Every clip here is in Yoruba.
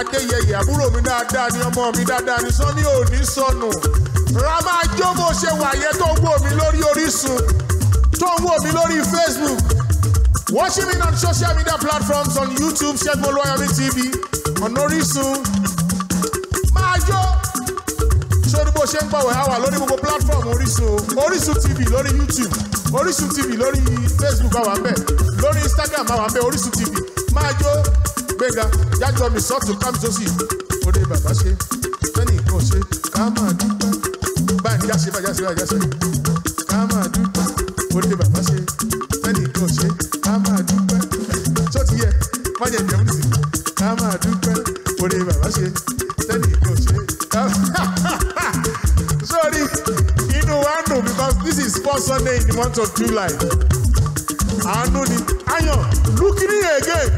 adéyẹyẹ àbúrò mi dáadáa ni ọmọ mi dáadáa ni sọ ní òní sọnù rama jó bó ṣe wà yẹn tó ń wò mí lórí Orísun tó ń wò mí lórí Facebook watching me on social media platforms on YouTube Ṣẹ́gun Olúwayọ̀mí TV on Orísun máa jó sórí bó ṣe ń gbọ̀wẹ̀ àwà lórí gbogbo platform Orísun Orísun TV lórí YouTube Orísun TV lórí Facebook àwà ń bẹ̀ lórí Instagram àwà ń bẹ̀ Orísun TV máa jó gbéga yájọ mi sọ́ọ̀tù kámi sósì bàbá ṣe fẹ́ni nǹkan ṣe ká máa dúpẹ́ báyìí ní yáṣe báyìí yáṣe báyìí yáṣe ká máa dúpẹ́ orí bàbá ṣe fẹ́ni nǹkan ṣe ká máa dúpẹ́ tó yẹ wọ́n jẹun nìyí ká máa dúpẹ́ orí bàbá ṣe fẹ́ni nǹkan ṣe ká sorry inú wa ń dùn because this is four Sunday in the month of July àánú ni ayan lukini again.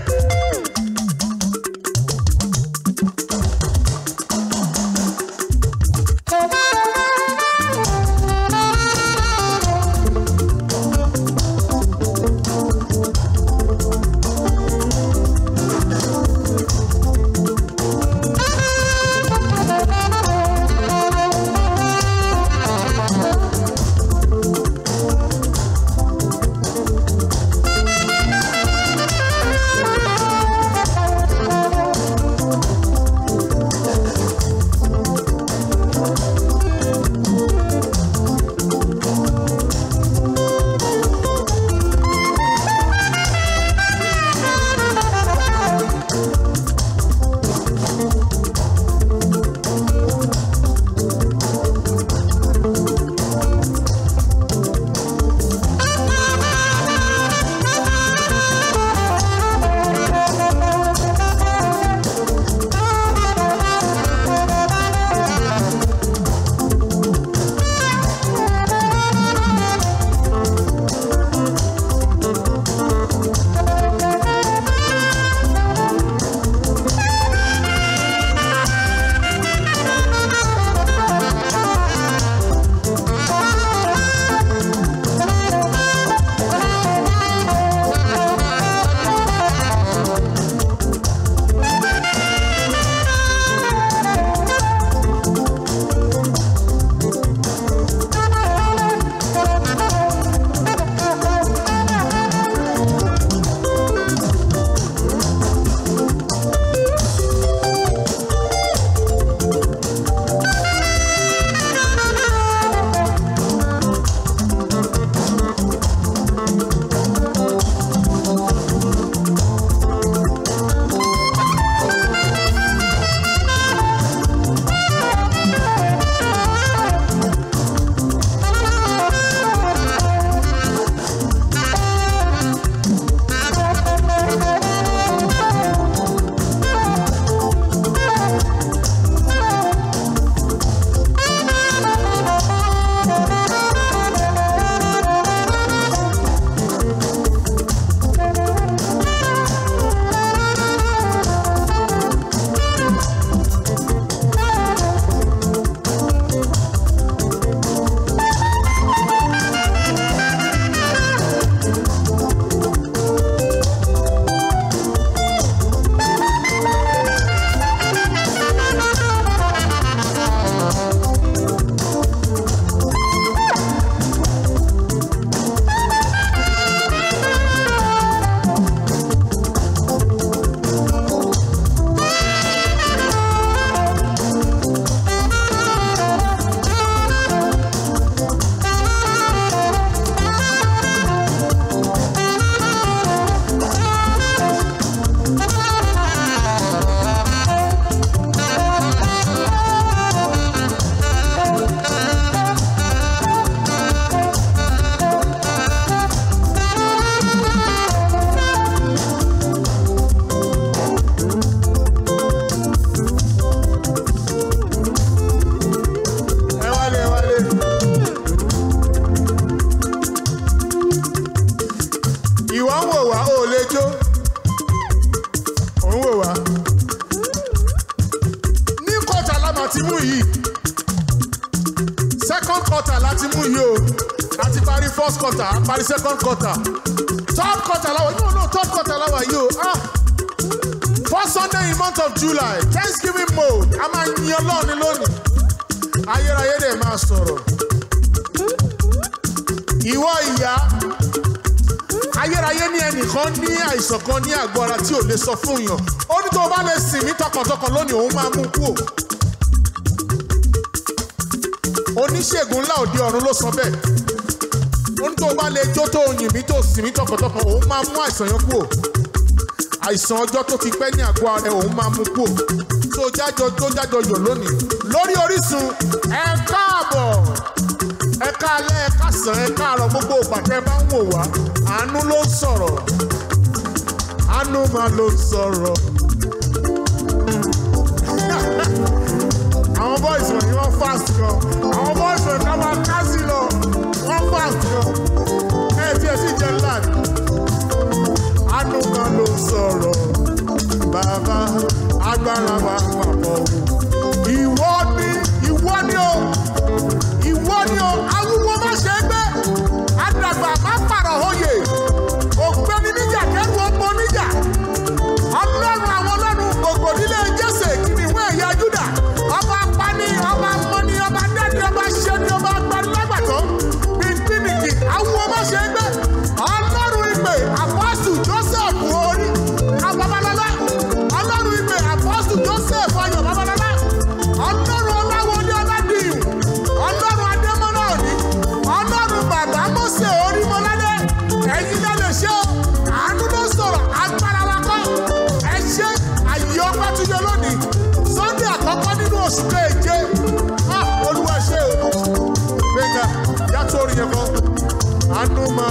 ni lónìí ayérayé dẹ̀ máa sọ̀rọ̀ ìwọ ìyá ayérayé ní ẹnìkan ní àìsàn kan ní àgọ́ ara tí ò lè sọ fún yàn ó ní tó o bá lè sìn mí tọkàntọkàn lónìí òun máa mú kú o oníṣègùn ńlá òde ọ̀run ló sọ bẹ́ẹ̀ ó ní tó bá lè jó tó yìn mí tó sìn mí tọkàntọkàn òun máa mú àìsàn yẹn kú o àìsàn ọjọ́ tó ti pẹ́ ní àgọ́ ara òun máa mú kú o tó jájọ tó jájọ yò lónìí lórí Orísun ẹ káàbọ̀ ẹ káalẹ́ ẹ kásán ẹ káàárọ̀ gbogbo ìpàtẹ́ bá ń wò wá àánú ló ń sọ̀rọ̀ àánú máa ló ń sọ̀rọ̀. àwọn boys wọ̀nyí wọ́n fast gan àwọn boys wọ̀nyí ká máa kásì lọ wọ́n fast gan ẹ tí ẹ sì jẹ́ láàdì àánú kan ló ń sọ̀rọ̀ bàbá agbára wa papọ̀.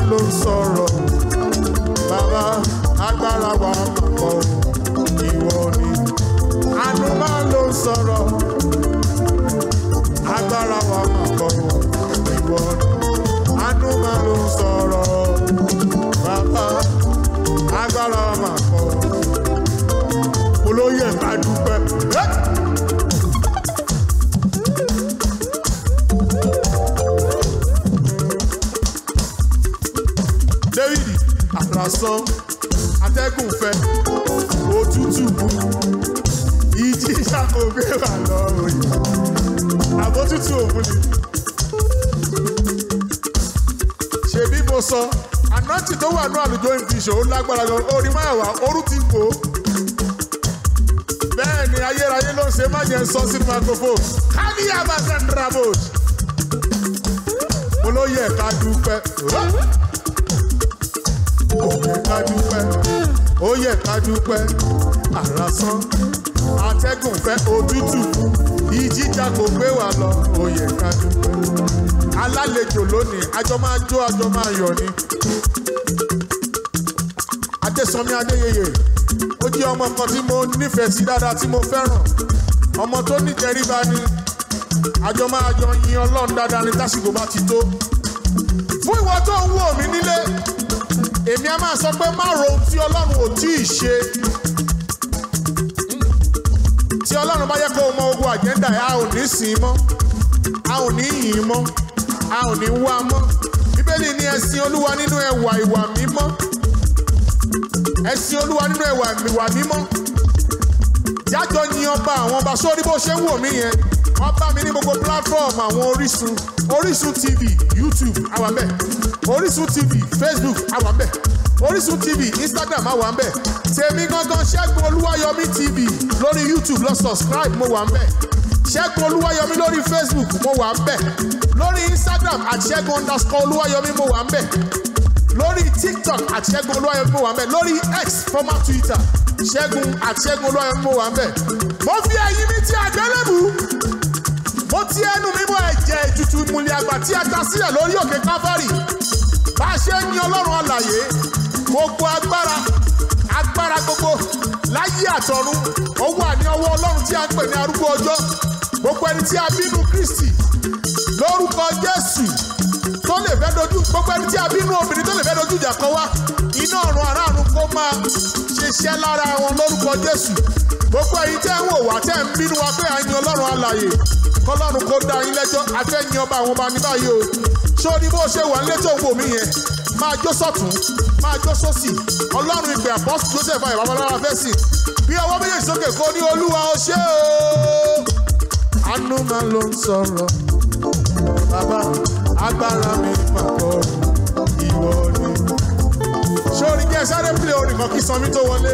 ló ń sọ̀rọ̀ bàbá agbára wa pọ̀ ìwọ ni àánú máa ló ń sọ̀rọ̀ agbára wa pọ̀. ọ̀sán atẹ́gùn fẹ́ òtútù mú ìjì ṣàkóbé wà lọ́rùn yìí àbótútù òun ni. ṣèbí mo sọ ànáǹtì tó wà ní àlùjọ ìfisọ̀ ó lágbára gan orí máa wà ooru ti kó bẹ́ẹ̀ ni ayérayé ló ń ṣe má yẹn sọ sínú microphone kálí abazan rabot mo ló yẹ ká dúpẹ́ yẹ ká dúpẹ́ ó yẹ ká dúpẹ́ àràsán atẹ́gùn fẹ́ ojútùú ìjíjà kò gbé wa lọ ó yẹ ká dúpẹ́ alálejò lónìí àjọ máa jó àjọ máa yọ̀ ni adésànmi adéyẹyẹ ó jẹ́ ọmọ kan tí mo nífẹ̀ẹ́ sí dáadáa tí mo fẹ́ràn ọmọ tó nìtẹríba ni àjọ máa jọ yin ọlọ́run dáadáa ni tásìkò bá ti tó fún ìwọ tó ń wò mí nílé èmi a máa sọ pé má ro ohun tí ọlọ́run ò tí ì ṣe tí ọlọ́run bá yẹ kó o mọ ogun àjẹ́ndà ẹ̀ a ò ní sìn mọ́ a ò ní yìn mọ́ a ò ní wá mọ́ bíbélì ni ẹ sìn olúwa nínú ẹwà ìwà mímọ́ ẹ sìn olúwa nínú ẹwà ìwà mímọ́ jájọ yin ọba àwọn ọba sórí bó ṣe ń wò mí yẹn wọ́n bá mi ní gbogbo platform àwọn Orísun Orísun TV YouTube àwọn bẹ́ẹ̀. Orísun TV Facebook àwa ń bẹ̀ Orísun TV Instagram àwa ń bẹ̀ tèmi gangan Ṣẹ́gun Olúwayọ̀mí TV lórí YouTube lọ subscribe mo wà ń bẹ̀ Ṣẹ́gun Olúwayọ̀mí lórí Facebook mo wà ń bẹ̀ lórí Instagram at Ṣẹ́gun underscore Olúwayọ̀mí mo wà ń bẹ̀ lórí TikTok at Ṣẹ́gun Olúwayọ̀mí mo wà ń bẹ̀ lórí X former Twitter Ṣẹ́gun at Ṣẹ́gun Olúwayọ̀mí mo wà ń bẹ̀ mo fi ẹ̀yìn mi ti àgbélébù mo ti ẹnu mi bọ ẹ̀jẹ̀ ètùtù ìmùlẹ̀ àgbà tí a ta sílẹ̀ lórí òkè Calvary bá a ṣe ní ọlọ́run alàyè gbogbo agbára agbára gbogbo láyé àtọ̀run ó wà ọwọ́ ọlọ́run tí a ń pè ní arúgbó ọjọ́ gbogbo ẹni tí a bínú kristi lórúkọ jésù tó lè fẹ́ dojú gbogbo ẹni tí a bínú obìnrin tó lè fẹ́ dojú ìjà kan wá ṣiṣẹ́ lára wọn lórúkọ Jésù gbogbo ẹ̀yin tẹ́ ń wò wá tẹ́ ń bínú wa pé à ń yan Ọlọ́run alààyè kọ́lọ́run kó dá yín lẹ́jọ́ afẹ́yìn ọba àwọn ọba ní báyìí o sórí bó ṣe wà nílé tó ń wò mí yẹn máa jó sọ́tún máa jó sósì Ọlọ́run ìpè àpọ́sù Joseph ayọ̀ babalára fẹ́sì bí ọwọ́ méjèèjì sókè kó ní Olúwa o ṣé o àánú máa ló ń sọ̀rọ̀ bàbá agbára mi pàkọ́ rẹ̀. sáré pílẹ̀ orin kan kí Sanmi tó wọlé.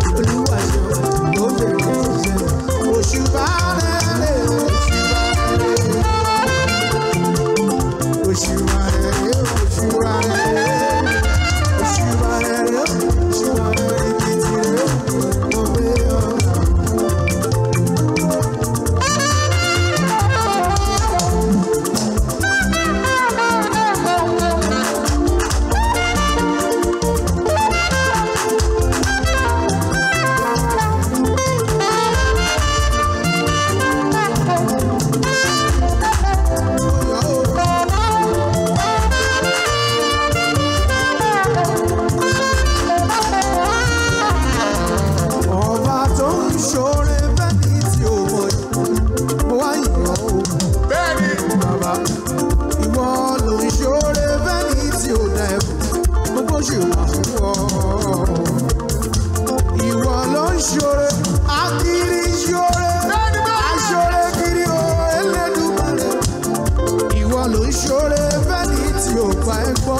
ìṣòro fẹ́ni tí ò bá ẹ gbọ́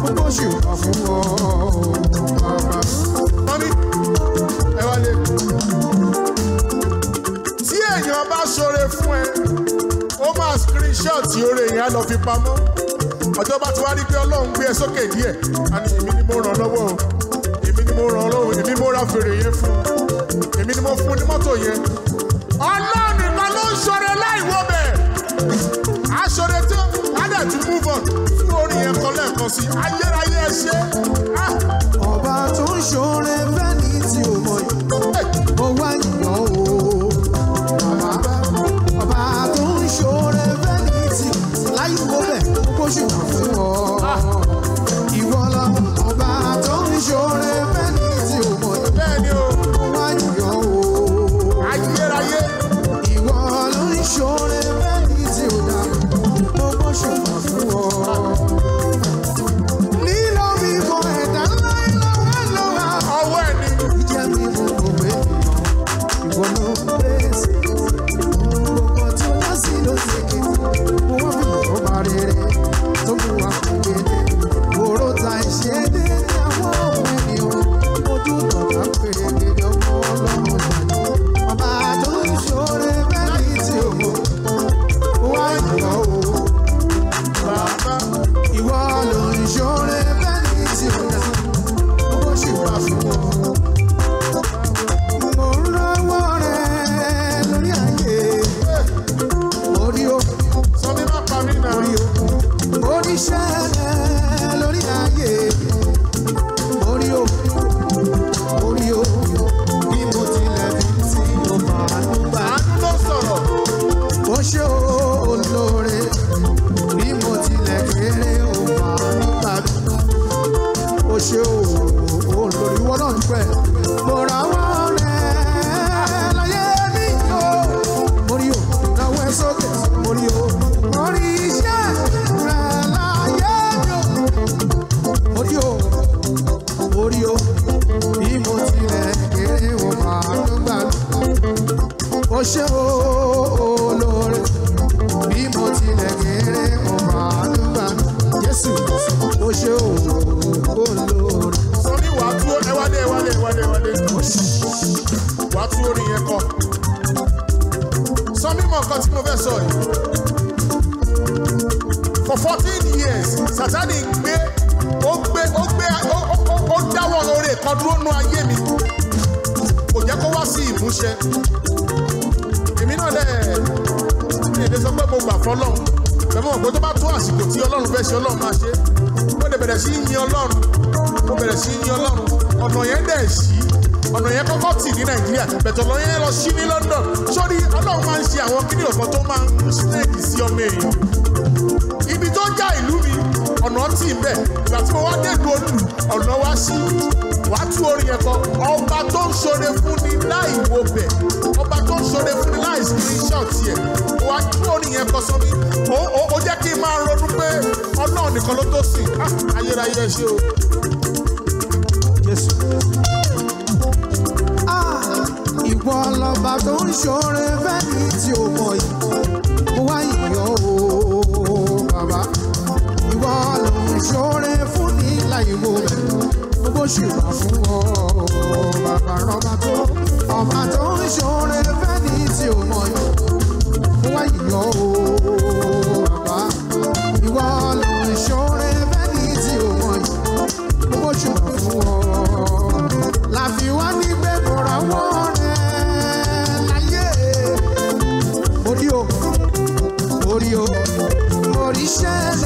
gbogbo ṣùgbọ́n fún ọ ọba. mọ́mí ẹ wálé. tí èèyàn bá ṣoore fún ẹ ó máa screenshot oore yẹn á lọ fi pamọ́ ọjọ́ bá ti wá rí pé ọlọ́run gbé ẹ sókè díẹ̀ àní èmi ni mo ràn lọ́wọ́ o èmi ni mo ràn lọ́wọ́ èmi mo ra fèrè yẹn fún èmi ni mo fún ní mọ́tò yẹn yàtọ̀ sí ayérayé ẹ ṣe. Ah! ọba tó ń ṣoore fẹ́ni tí. dẹ̀ ṣí ọ̀nà yẹn kọ́kọ́ tì ní nàìjíríà bẹ̀tọ̀ lọ yẹn lọ ṣí ní london sórí ọlọ́run máa ń ṣe àwọn kíni ọ̀kan tó máa ń mú sínẹ́ẹ̀kì sí ọmọ èèyàn ibi tó já ìlú mi ọ̀nà tì ń bẹ̀ ìgbà tí mo wá dẹ́gun olú ọ̀nà wá sí wá tú orin yẹn kọ ọba tó ń ṣoore fún ni láì wo bẹ̀ ọba tó ń ṣoore fún ni láì screenshot yẹ wá tú orin yẹn kọ sọ mi ó jẹ́ kí n máa ronú pé ọlọ́run ló tó sìn ah, ayérayé ṣe o. Jésù. Ah, ìwọ lọ́ba tó ń ṣoore fẹ́ni tí o mọ̀ yìí, mo wá ìyọ̀ o bàbá. Ìwọ ló ń ṣoore fún ní láìwo rẹ̀, gbogbo ṣùgbọ́n fún ọ bàbá rọ́bà tó. Ọba tó ń ṣoore fẹ́ni tí o mọ̀ yìí, wá ìyọ̀ o. shine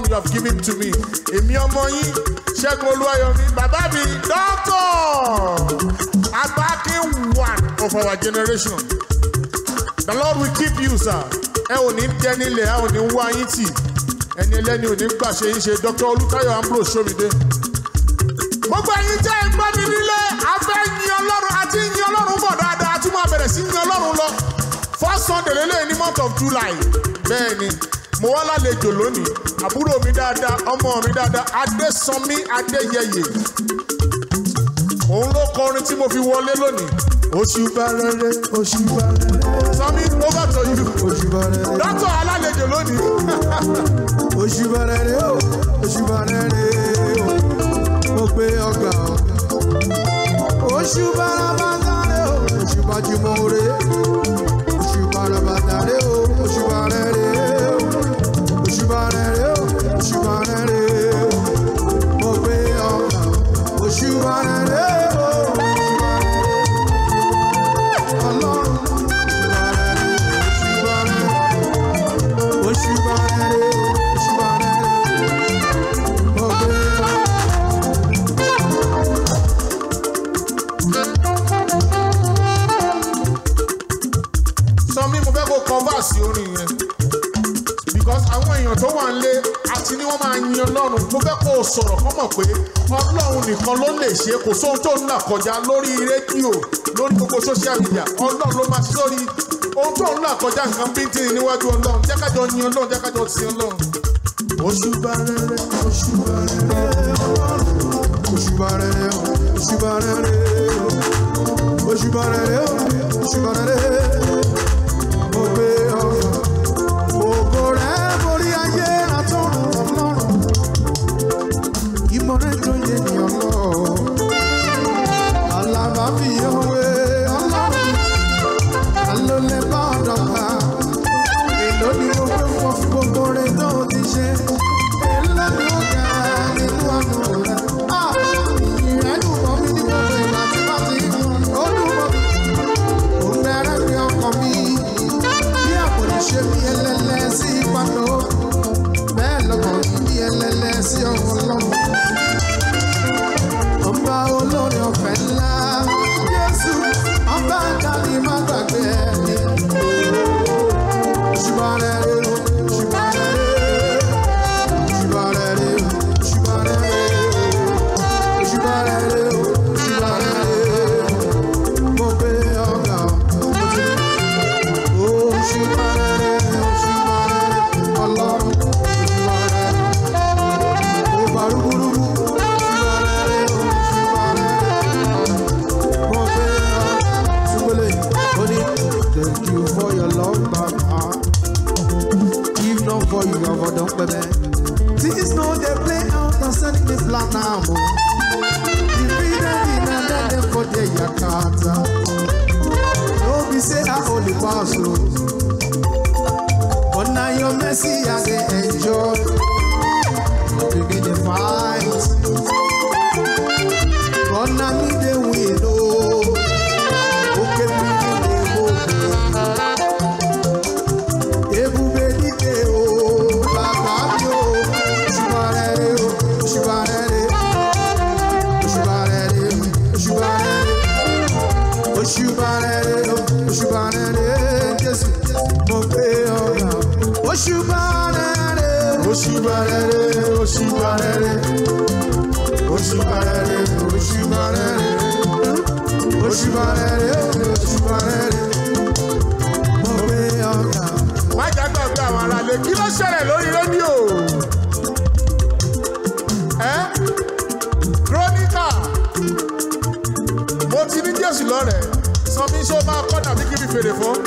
platform you have given to me. Èmi ọmọ yín Ṣẹ́gun Olúwayọ̀mí bàbá mi dọ́kọ̀ Abakin one of our generation. The Lord will keep you sir. Ẹ ò ní dẹ́ni ilẹ̀ ẹ ò ní wá yín tì. Ẹni ẹlẹ́ni ò ní gbà ṣe yín ṣe Dr. Olútáyọ̀ Ambrose Ṣomide. Gbogbo ẹ̀yin jẹ́ ẹgbẹ́ mi nílé afẹ́ yin Ọlọ́run àti yin Ọlọ́run bọ̀ dáadáa àti máa bẹ̀rẹ̀ sí yin Ọlọ́run lọ. First Sunday lélẹ́yìn ní month of July. Bẹ́ẹ̀ni mo wá lálejò lónìí àbúrò mi dáadáa ọmọ mi dáadáa adésànmí adéyẹyẹ òun ló kọ orin tí mo fi wọlé lónìí. òṣùbà rere òṣùbà rere. sọmi over to you. òṣùbà rere. dọ́tọ̀ alálejò lónìí. òṣùbà rere o òṣùbà rere o mo gbé ọgbà o. òṣùbà rabatare o òṣùbà jimoore. sọ̀rọ̀ kọ́ mọ̀ pé ọlọ́run nìkan ló lè ṣe kò sóhun tó ń là kọjá lórí rédíò lórí gbogbo social media ọlọ́run ló máa ṣe lórí ohun tó ń là kọjá nǹkan bíntín níwájú ọlọ́run jákàjọ yin ọlọ́run jákàjọ sin ọlọ́run. òṣùbà rere òṣùbà rere òṣùbà rere òṣùbà rere òṣùbà rere òṣùbà rere. Òṣùbà rere Òṣùbà rere Òṣùbà rere Òṣùbà rere Òṣùbà rere Òṣùbà rere mo gbé ọ̀gá. má jágbàgbé àwọn aráalé kí ló ṣẹlẹ̀ lórí rédíò. ẹ́ mo ti ní jésù lọ́rẹ̀ẹ́ sọ mi ṣó máa kọ́ tàbí kí mi fèrè fún.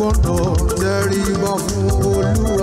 pọ̀nà tẹríba fún olúwa.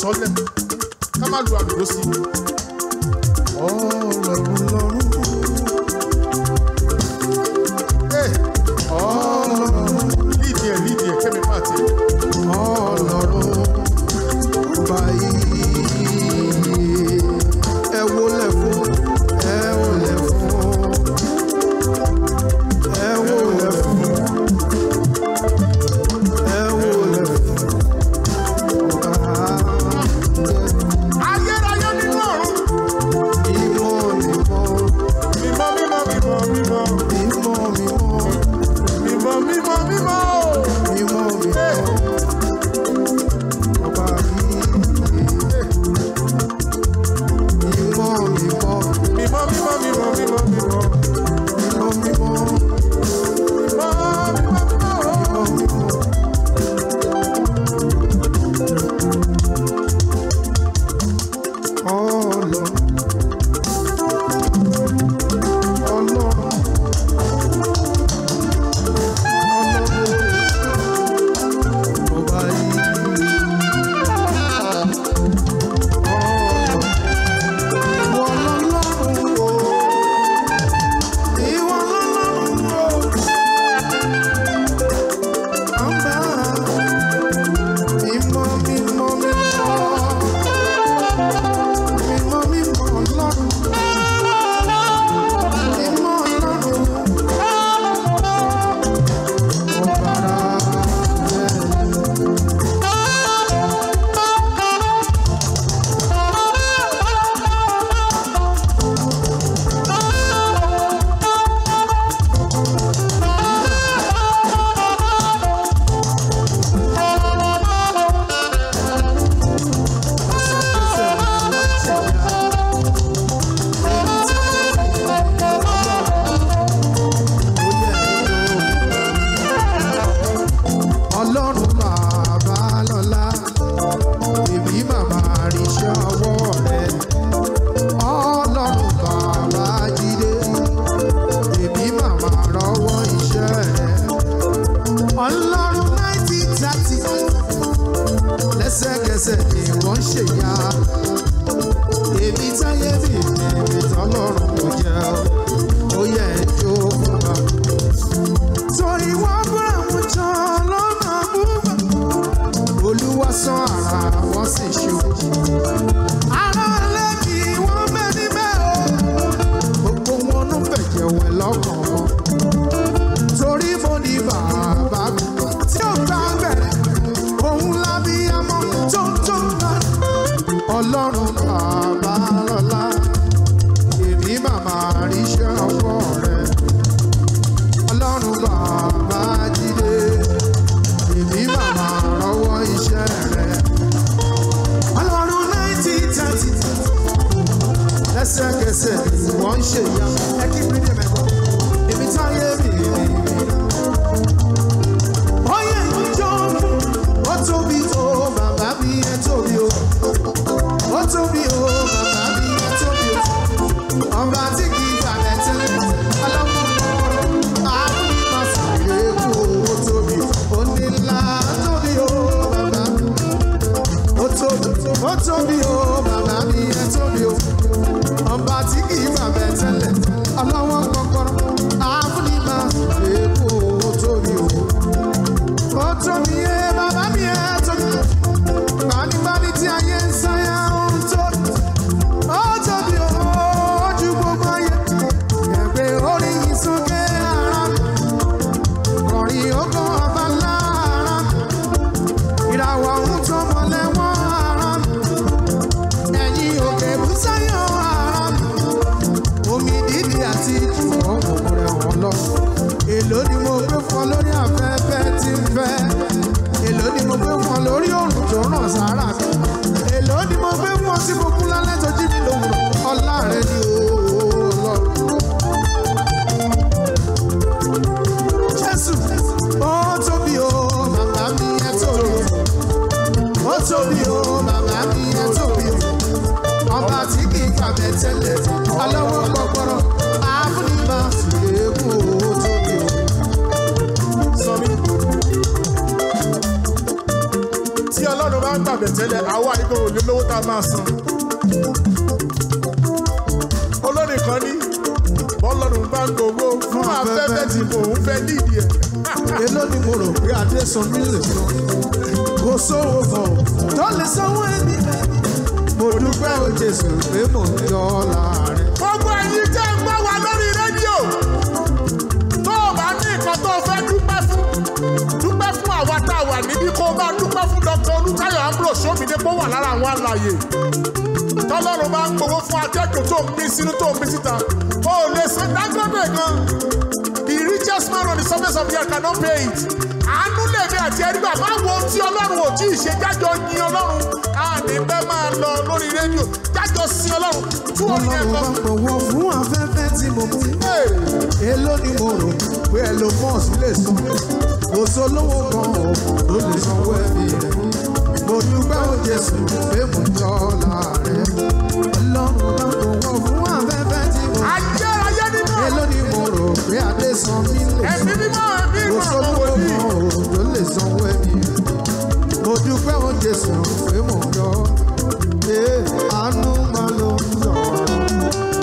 sọ́lẹ̀ ká má lu àlùkò sí i. ọ̀dẹ̀ tẹ́lẹ̀ àwa ìgò òní lówó tá a máa san. olórin kan ní bọ́lọ́run bá ń gbowó fún afẹ́fẹ́ tí mò ń fẹ́ nídìí ẹ̀. èló ni mo rò pé adéṣan mi lè san kò sówó kan tó lè sanwó ẹni mo dúpẹ́ o Jésù pé mò ń yọ ọ́ láàrin. gbogbo ẹ̀yin jẹ́ ń gbọ́ wa lórí rédíò tó o bá ní nǹkan tó o fẹ́ dúpẹ́ fún dúpẹ́ fún àwa tá a wà níbí kó o bá dúpẹ́ fún Dr. Olùtayọ̀ sómìnir pọ̀ wà lára àwọn àlàyé tọ́lọ́run bá ń gbowó fún akẹ́kọ̀ọ́ tó ń pín sínú tó ń pín síta o lè san dágbọ́dọ̀ gan the richest man on the surface of the earth cannot pay it àánú lèmi àti ẹ̀rígbà máa wo tí ọlọ́run ò tí ì ṣe jájọ yin ọlọ́run àní bẹ́ẹ̀ máa lọ lórí rédíò jájọ sí ọlọ́run fún orin ẹ̀kọ́. ọlọ́run bá gbọ̀wọ́ fún afẹ́fẹ́ tí mo mú. èló ni mo rò pé ẹlòmọ́ọ̀sì lè san kò sólówó kan ò lè sanwó ẹbí rẹ̀ mo dúpẹ́ o Jésù pé mo jọ ọ̀la ọlọ́run náà kò fún afẹ́fẹ́ tí mo ní èló ni mo rò pé adé san mí lè san mo sọ́wọ́ mọ́ o ló lè sanwó ẹ̀mí mo dúpẹ́ o Jésù pé mo jọ àánú máa ló ń sọ̀rọ̀.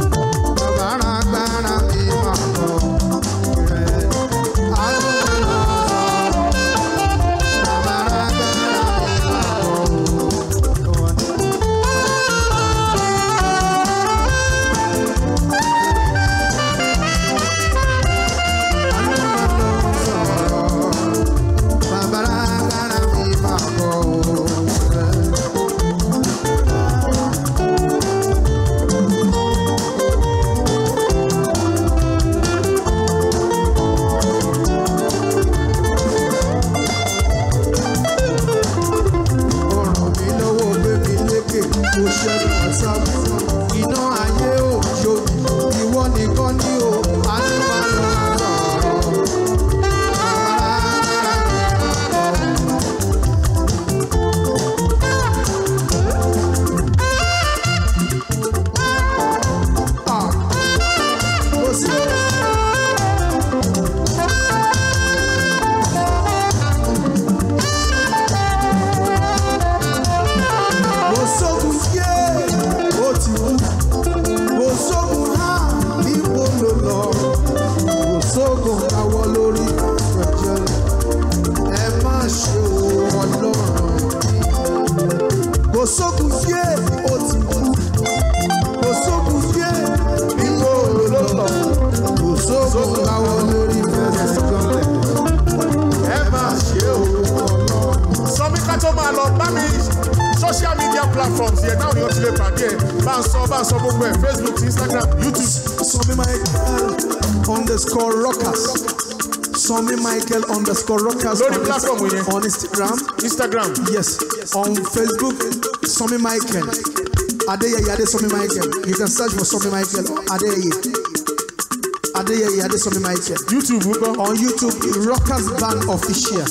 àti ẹ̀ báwo ni wọ́n ti lè pàdé ẹ̀ bá ń sọ bá ń sọ gbogbo ẹ̀ Facebook Instagram YouTube. Sọmi Michael underscore rockers Sọmi Michael underscore rockers lórí platform yẹn on Instagram Instagram yes on Facebook Sọmi Michael Adeyeye Ade Sọmi Michael you can search for Sọmi Michael Adeyeye. Adeyeye Adesomi Michael. YouTube nkọ. On YouTube Rockers Band Official.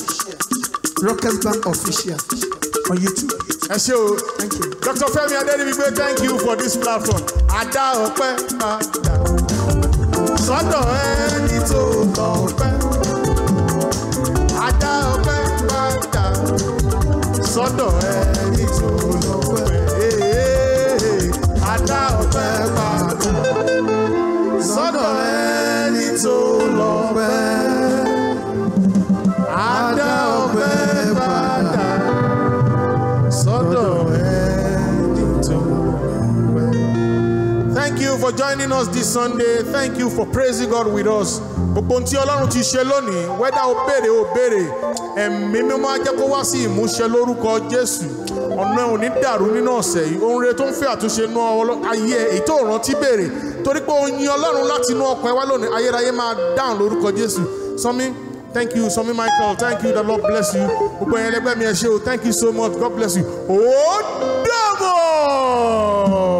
Rockers Band Official for you too. ẹ ṣé o Dr. Femi Adedibigbe thank you for this platform Ada ọpẹ́ padà sọ́dọ̀ ẹni tó lọ ọpẹ́ adá ọpẹ́ padà sọ́dọ̀ ẹni tó lọ ọpẹ́ adá ọpẹ́ padà sọ́dọ̀ ẹni tó lọ ọpẹ́. joining us this Sunday. Thank you for praising God with us. Gbogbo ohun tí Ọlọ́run ti ṣe lónìí, wẹ́dà ó béèrè ó béèrè, ẹ̀mí mímọ́ á jẹ́ kó wá sí ìmúṣẹ lórúkọ Jésù. Ọ̀nà ò ní dàrú nínú ọ̀sẹ̀ yìí, ohun rere tó ń fẹ́ àtúnṣe nú ayé ẹ̀ èyí tó rántí béèrè. Torí pé o yin Ọlọ́run láti inú ọkàn wá lónìí, ayérayé máa dáhùn lórúkọ Jésù. Sọmi, thank you, Sọmi Michael, thank you, the Lord bless you. Gbogbo ẹ̀yin ẹlẹgbẹ́ mi ẹ ṣé o, thank you so much, God bless you. Ó dàbọ̀!